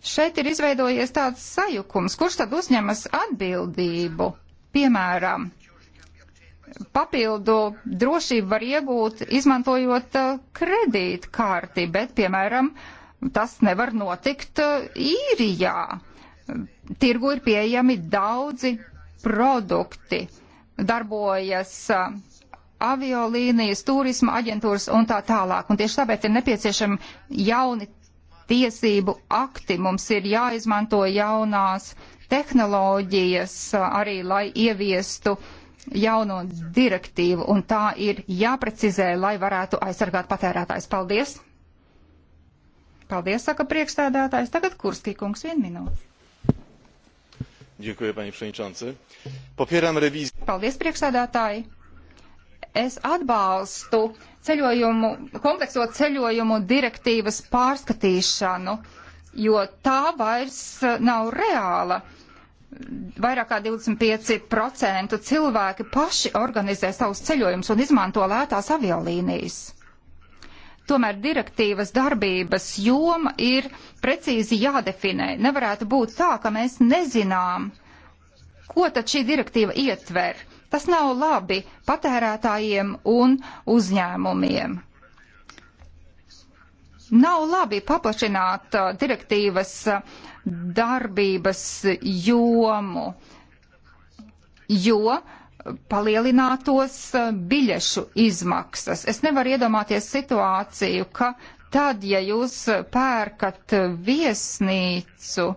Šeit ir izveidojies tāds sajukums, kurš tad uzņemas atbildību, piemēram, papildu drošību var iegūt, izmantojot uh, kredītkarti, bet, piemēram, tas nevar notikt uh, īrijā. Tirgu ir pieejami daudzi produkti darbojas aviolīnijas, turisma aģentūras un tā tālāk. Un tieši tāpēc ir nepieciešami jauni tiesību akti. Mums ir jāizmanto jaunās tehnoloģijas arī, lai ieviestu jauno direktīvu, un tā ir jāprecizē, lai varētu aizsargāt patērētājs. Paldies! Paldies, saka priekšstādātājs. Tagad Kurskī kungs vienu minūti. Popieram revīziju. Paldies, priekšsādātāji! Es atbalstu ceļojumu, komplekso ceļojumu direktīvas pārskatīšanu, jo tā vairs nav reāla. Vairāk kā 25% cilvēki paši organizē savus ceļojumus un izmanto lētās aviolīnijas. Tomēr direktīvas darbības joma ir precīzi jādefinē. Nevarētu būt tā, ka mēs nezinām, ko tad šī direktīva ietver. Tas nav labi patērētājiem un uzņēmumiem. Nav labi paplašināt uh, direktīvas uh, darbības jomu, jo palielinātos eh, biļešu izmaksas. Es nevaru iedomāties situāciju, ka tad, ja jūs pērkat viesnīcu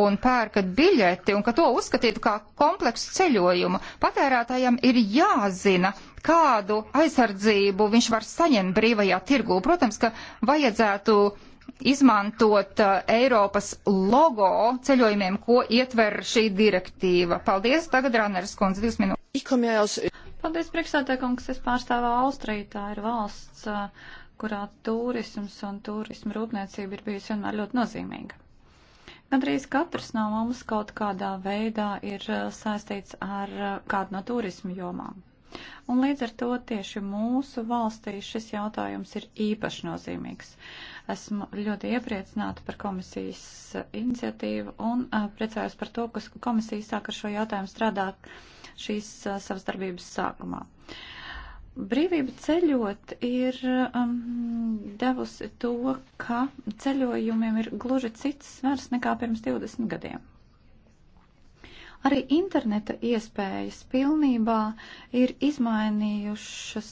un pērkat biļeti un ka to uzskatītu kā kompleksu ceļojumu, patērētājam ir jāzina, kādu aizsardzību viņš var saņemt brīvajā tirgū. Protams, ka vajadzētu uh, izmantot uh, Eiropas logo ceļojumiem, ko ietver šī direktīva. Paldies, tagad Rāneris Kundze, divas minūtes. Paldies, priekšsēdētājkungs, es pārstāvu Austriju, tā ir valsts, uh, kurā turisms un turisma rūpniecība ir bijusi vienmēr ļoti nozīmīga. Gandrīz katrs no mums kaut kādā veidā ir uh, saistīts ar kādu no turismu jomām. Un līdz ar to tieši mūsu valstī šis jautājums ir īpaši nozīmīgs. Uh, Esmu ļoti iepriecināta par komisijas eh, iniciatīvu un eh, priecājos par to, ka komisija sāk ar šo jautājumu strādāt šīs eh, savas darbības sākumā. Brīvība ceļot ir um, devusi to, ka ceļojumiem ir gluži cits svars nekā pirms 20 gadiem. Arī interneta iespējas pilnībā ir izmainījušas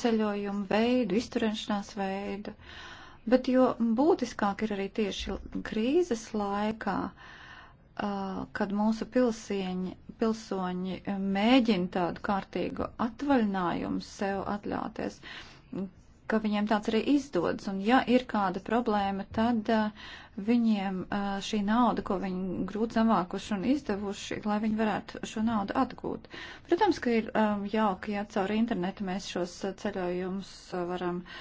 ceļojumu veidu, izturēšanās veidu. Uh, Bet jo būtiskāk ir arī tieši krīzes laikā, kad mūsu pilsieņi, pilsoņi mēģina tādu kārtīgu atvaļinājumu sev atļauties, ka viņiem tāds arī izdodas. Un ja ir kāda problēma, tad viņiem šī nauda, ko viņi grūti zamākuši un izdevuši, lai viņi varētu šo naudu atgūt. Protams, ka ir jauki, ja caur internetu mēs šos ceļojumus varam uh,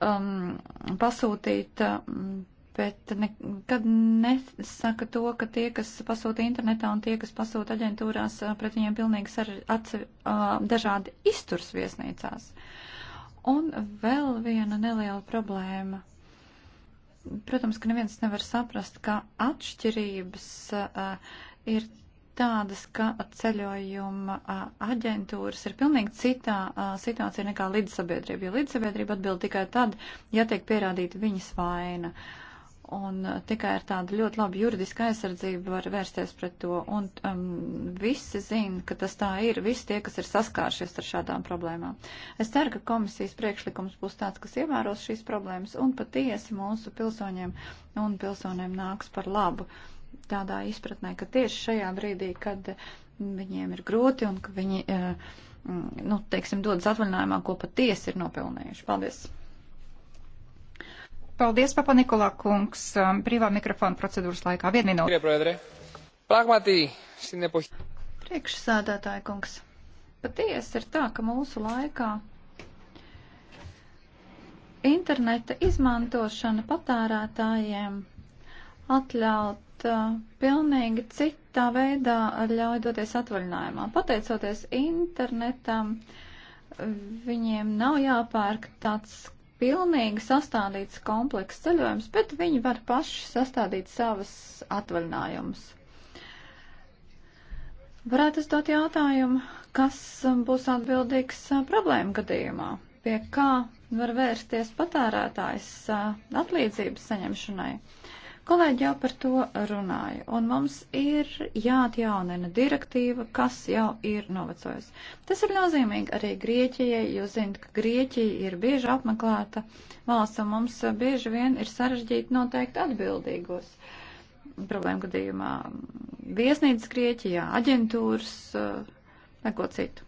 um, pasūtīt. Um, Bet nekad nesaka to, ka tie, kas pasūta internetā un tie, kas pasūta aģentūrās, uh, pret viņiem pilnīgi sar, atse, uh, dažādi izturs viesnīcās. Un vēl viena neliela problēma. Protams, ka neviens nevar saprast, ka atšķirības uh, ir tādas, ka ceļojuma aģentūras ir pilnīgi citā situācija nekā līdzsabiedrība, jo līdzsabiedrība atbild tikai tad, ja tiek pierādīta viņas vaina. Un tikai ar tādu ļoti labu juridisku aizsardzību var vērsties pret to. Un um, visi zina, ka tas tā ir, visi tie, kas ir saskāršies ar šādām problēmām. Es ceru, ka komisijas priekšlikums būs tāds, kas ievēros šīs problēmas un patiesi mūsu pilsoņiem un pilsoniem nāks par labu. Uh, tādā izpratnē, ka tieši šajā brīdī, kad eh, viņiem ir grūti un ka viņi, eh, mm, nu, teiksim, dodas atvaļinājumā, ko patiesi ir nopelnījuši. Paldies! Paldies, Papa Nikolā kungs, um, brīvā mikrofona procedūras laikā. Vienu minūti. Priekšsādātāja kungs, patiesi ir tā, ka mūsu laikā interneta izmantošana patērētājiem atļaut uh, pilnīgi citā veidā ļauj doties atvaļinājumā. Pateicoties internetam, viņiem nav jāpērk tāds pilnīgi sastādīts komplekss ceļojums, bet viņi var paši sastādīt savas atvaļinājumus. Varētu uzdot jautājumu, kas būs atbildīgs uh, problēmu gadījumā, pie kā var vērsties patērētājs uh, atlīdzības saņemšanai. Kolēģi jau par to runāja, un mums ir jāatjaunina direktīva, kas jau ir novecojusi. Tas ir nozīmīgi arī Grieķijai, jo zinat, ka Grieķija ir bieži apmeklēta valsts, un mums bieži vien ir sarežģīti noteikt atbildīgos. Problēma gadījumā viesnīcas Grieķijā, aģentūras, eh, neko citu.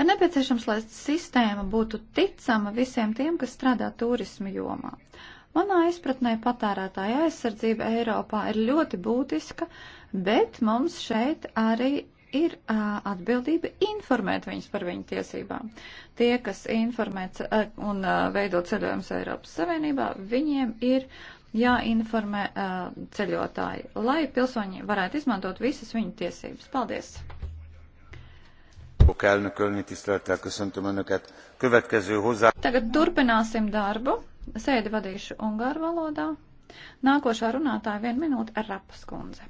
Ir nepieciešams, lai sistēma būtu ticama visiem tiem, kas strādā turismu jomā. Uh, Manā izpratnē patērētāja aizsardzība Eiropā ir ļoti būtiska, bet mums šeit arī ir uh, atbildība informēt viņus par viņu tiesībām. Tie, kas informē uh, un uh, veido ceļojumus Eiropas Savienībā, viņiem ir jāinformē uh, ceļotāji, lai pilsoņi varētu izmantot visas viņu tiesības. Paldies! Tagad turpināsim darbu. Sēdi vadīšu ungāru valodā. Nākošā runātāja vienu minūti ir Rapas kundze.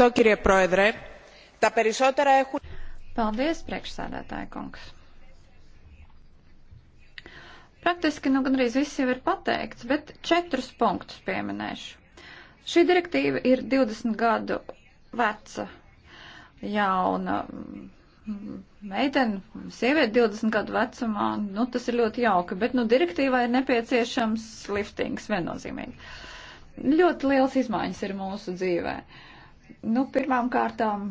To, kirie proedre, tā perisotarē. Paldies, priekšsēdētāja kungs. Praktiski nu gandrīz viss jau ir pateikts, bet četrus punktus pieminēšu. Šī direktīva ir 20 gadu veca, jauna meitene, sieviete 20 gadu vecumā, nu tas ir ļoti jauki, bet nu direktīvā ir nepieciešams liftings viennozīmīgi. Ļoti liels izmaiņas ir mūsu dzīvē. Nu, pirmām kārtām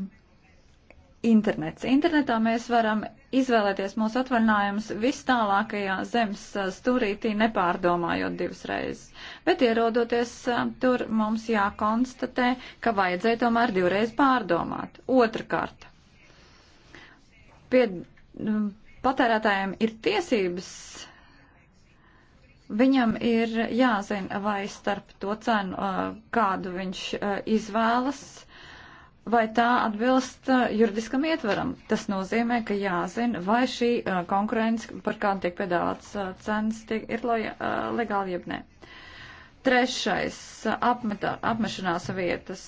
internets. Internetā mēs varam izvēlēties mūsu atvaļinājumus vis tālākajā zemes stūrītī, nepārdomājot divas reizes. Bet ierodoties tur, mums jākonstatē, ka vajadzēja tomēr divreiz pārdomāt. Otra kārta pie, nu, patērētājiem ir tiesības, viņam ir jāzina, vai starp to cenu, kādu viņš izvēlas, vai tā atbilst juridiskam ietvaram. Tas nozīmē, ka jāzina, vai šī konkurence, par kādu tiek piedāvāts cenas, tiek, ir legāli jeb nē. Trešais apmetā, apmešanās vietas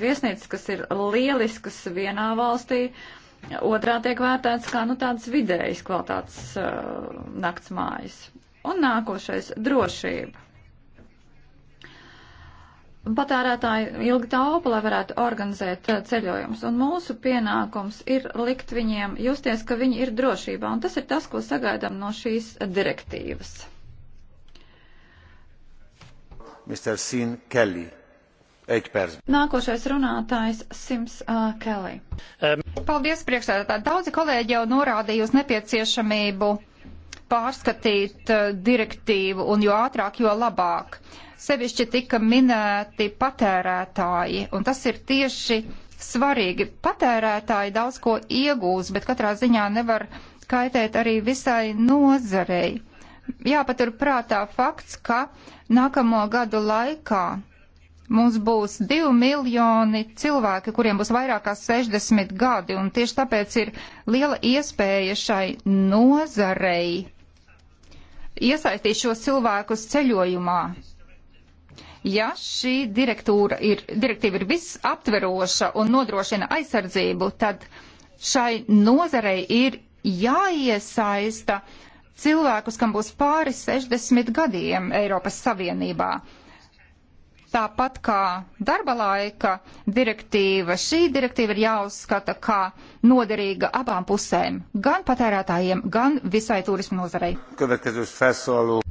viesnīcas, kas ir lieliskas vienā valstī, uh, otrā tiek vērtēts kā nu, tāds vidējas kvalitātes uh, naktsmājas. Un nākošais - drošība. Patērētāji ilgi taupa, lai varētu organizēt uh, ceļojumus, un mūsu pienākums ir likt viņiem justies, ka viņi ir drošībā, un tas ir tas, ko sagaidām no šīs direktīvas. Mr. Sin Kelly. Nākošais runātājs Sims uh, Kelly. Um. Paldies priekšsēdētāji. Daudzi kolēģi jau norādīja uz nepieciešamību pārskatīt uh, direktīvu un jo ātrāk, jo labāk. Sevišķi tika minēti patērētāji, un tas ir tieši svarīgi. Patērētāji daudz ko iegūs, bet katrā ziņā nevar kaitēt arī visai nozarei. Jāpatur prātā fakts, ka nākamo gadu laikā Mums būs divi miljoni cilvēki, kuriem būs vairāk kā 60 gadi, un tieši tāpēc ir liela iespēja šai nozarei iesaistīt šos cilvēkus ceļojumā. Ja šī ir, direktīva ir visaptveroša un nodrošina aizsardzību, tad šai nozarei ir jāiesaista cilvēkus, kam būs pāri 60 gadiem Eiropas Savienībā. Tāpat kā darba laika direktīva, šī direktīva ir jāuzskata kā noderīga abām pusēm, gan patērētājiem, gan visai turismu nozarei.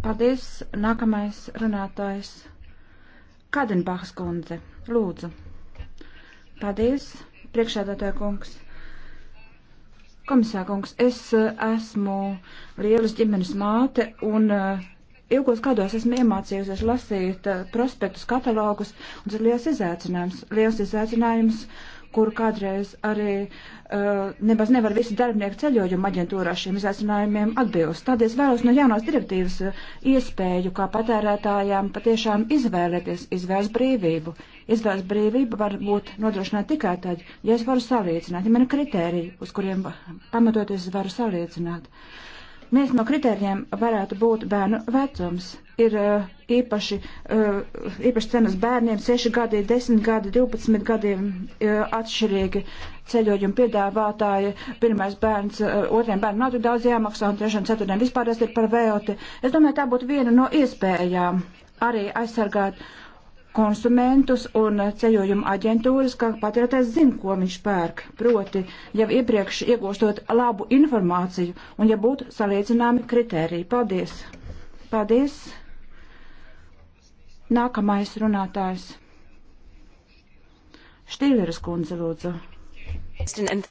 Paldies, nākamais runātājs. Kādenbachs kundze, lūdzu. Paldies, priekšādātāja kungs. Komisār kungs, es eh, esmu lielas ģimenes māte un uh, ilgos gados esmu iemācījusies lasīt eh, prospektus, katalogus, un tas ir liels izaicinājums. Liels izaicinājums, kur kādreiz arī uh, nemaz nevar visi darbinieki ceļojuma aģentūrā šiem izaicinājumiem atbilst. Tādēļ vēlos no jaunās direktīvas eh, iespēju kā patērētājām patiešām izvēlēties, izvēles brīvību. Izvēles brīvība var būt nodrošināta tikai tad, ja es varu salīdzināt, ja man ir kriteriji, uz kuriem pamatoties varu salīdzināt. Uh, Viens no kritērijiem varētu būt bērnu vecums. Ir uh, īpaši, uh, īpaši cenas bērniem 6 gadi, 10 gadi, 12 gadiem uh, atšķirīgi ceļojumu piedāvātāji. Pirmais bērns, otriem bērnam nav tik daudz jāmaksā, un trešajam, ceturtajam vispār tas ir par vēlti. Es domāju, tā būtu viena no iespējām arī aizsargāt konsumentus un ceļojuma aģentūras, kā patērētājs zina, ko viņš pērk. Proti, jau iepriekš iegūstot labu informāciju un ja būtu salīdzināmi kritēriji. Paldies! Paldies! Nākamais runātājs. Štīleres kundze lūdzu.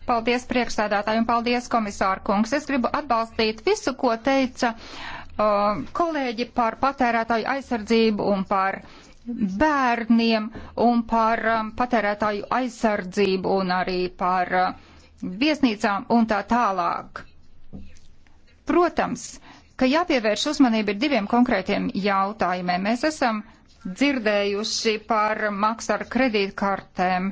Paldies priekšstādātāji un paldies komisāra kungs. Es gribu atbalstīt visu, ko teica uh, kolēģi par patērētāju aizsardzību un par uh, bērniem un par um, patērētāju aizsardzību un arī par um, viesnīcām un tā tālāk. Protams, ka jāpievērš uzmanība ir diviem konkrētiem jautājumiem. Mēs esam dzirdējuši par maksu ar kredītkartēm.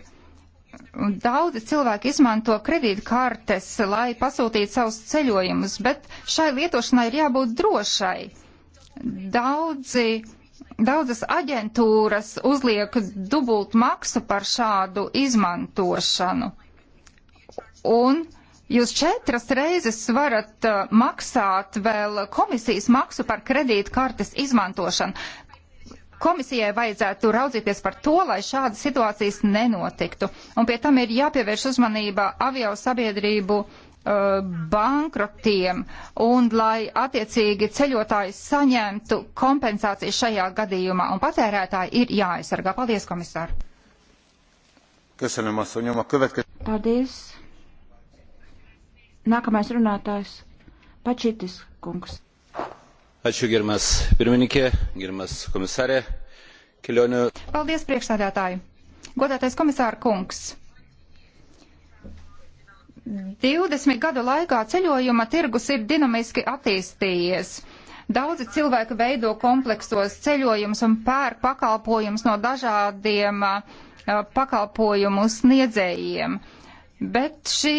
Daudzi cilvēki izmanto kredītkartes, lai pasūtītu savus ceļojumus, bet šai lietošanai ir jābūt drošai. Daudzi Daudzas aģentūras uzliek dubult maksu par šādu izmantošanu. Un Jūs četras reizes varat uh, maksāt vēl komisijas maksu par kredītkartes izmantošanu. Komisijai vajadzētu raudzīties par to, lai šādas situācijas nenotiktu. Un pie tam ir jāpievērš uzmanība avio sabiedrību Uh, bankrotiem un lai attiecīgi ceļotāji saņemtu kompensāciju šajā gadījumā un patērētāji ir jāaizsargā. Paldies, komisār! Paldies! Nākamais runātājs - Pačitis kungs. Ačiū, girmas pirmininkė, girmas komisarė, kelionių. Paldies, priekšsādātāji! Godātais komisāra kungs! 20 gadu laikā ceļojuma tirgus ir dinamiski attīstījies. Daudzi cilvēki veido kompleksos ceļojumus un pērk pakalpojumus no dažādiem pakalpojumu sniedzējiem. Bet šī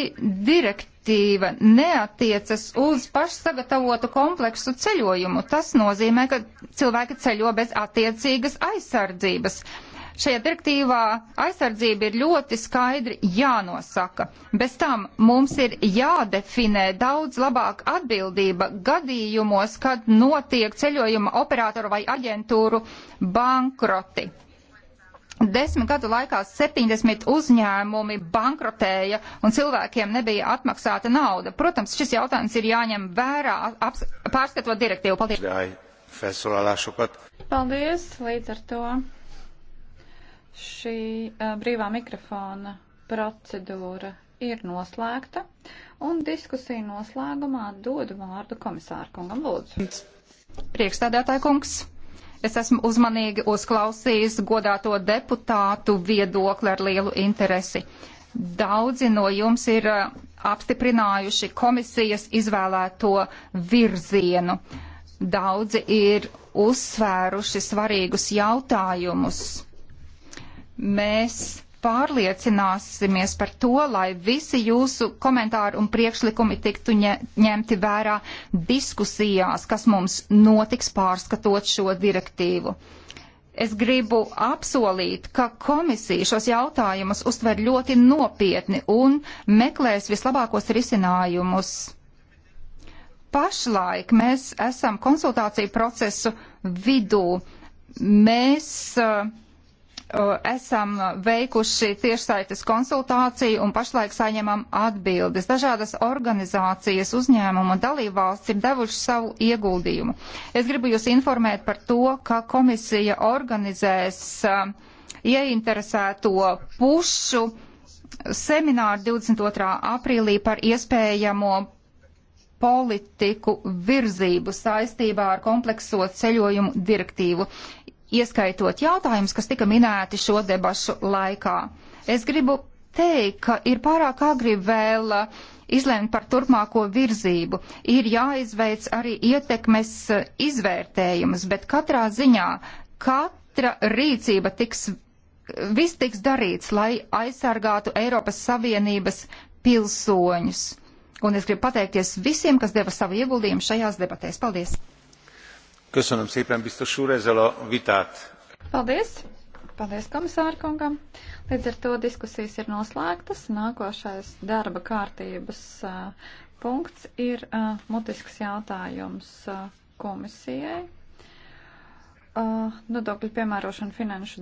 direktīva neatiecas uz pašsagatavotu kompleksu ceļojumu. Tas nozīmē, ka cilvēki ceļo bez attiecīgas aizsardzības. Uh, Šajā direktīvā aizsardzība ir ļoti skaidri jānosaka. Bez tam mums ir jādefinē daudz labāk atbildība gadījumos, kad notiek ceļojuma operātoru vai aģentūru bankroti. Desmit gadu laikā 70 uzņēmumi bankrotēja un cilvēkiem nebija atmaksāta nauda. Protams, šis jautājums ir jāņem vērā, aps, pārskatot direktīvu. Paldies! Paldies! Līdz ar to Šī uh, brīvā mikrofona procedūra ir noslēgta, un diskusija noslēgumā dodu vārdu komisāru kungam lūdzu. Priekšstādātāja kungs, es esmu uzmanīgi uzklausījis godāto deputātu viedokli ar lielu interesi. Daudzi no jums ir apstiprinājuši komisijas izvēlēto virzienu. Daudzi ir uzsvēruši svarīgus jautājumus mēs pārliecināsimies par to, lai visi jūsu komentāri un priekšlikumi tiktu ņemti vērā diskusijās, kas mums notiks pārskatot šo direktīvu. Es gribu apsolīt, ka komisija šos jautājumus uztver ļoti nopietni un meklēs vislabākos risinājumus. Pašlaik mēs esam konsultāciju procesu vidū. Mēs uh, esam veikuši tiešsaites konsultāciju un pašlaik saņemam atbildes. Dažādas organizācijas, uzņēmumu un dalībvalsts ir devuši savu ieguldījumu. Es gribu jūs informēt par to, ka komisija organizēs ieinteresēto pušu semināru 22. aprīlī par iespējamo politiku virzību saistībā ar komplekso ceļojumu direktīvu ieskaitot jautājumus, kas tika minēti šo debašu laikā. Es gribu teikt, ka ir pārāk agri vēl uh, izlēmt par turpmāko virzību. Ir jāizveic arī ietekmes uh, izvērtējums, bet katrā ziņā katra rīcība tiks, viss tiks darīts, lai aizsargātu Eiropas Savienības pilsoņus. Un es gribu pateikties visiem, kas deva savu ieguldījumu šajās debatēs. Paldies! Köszönöm szépen, biztos úr, ezzel a vitát. Paldies! Paldies komisārkungam! Līdz ar to diskusijas ir noslēgtas. Nākošais darba kārtības uh, punkts ir uh, mutisks jautājums uh, komisijai. Uh, nodokļu piemērošana finanšu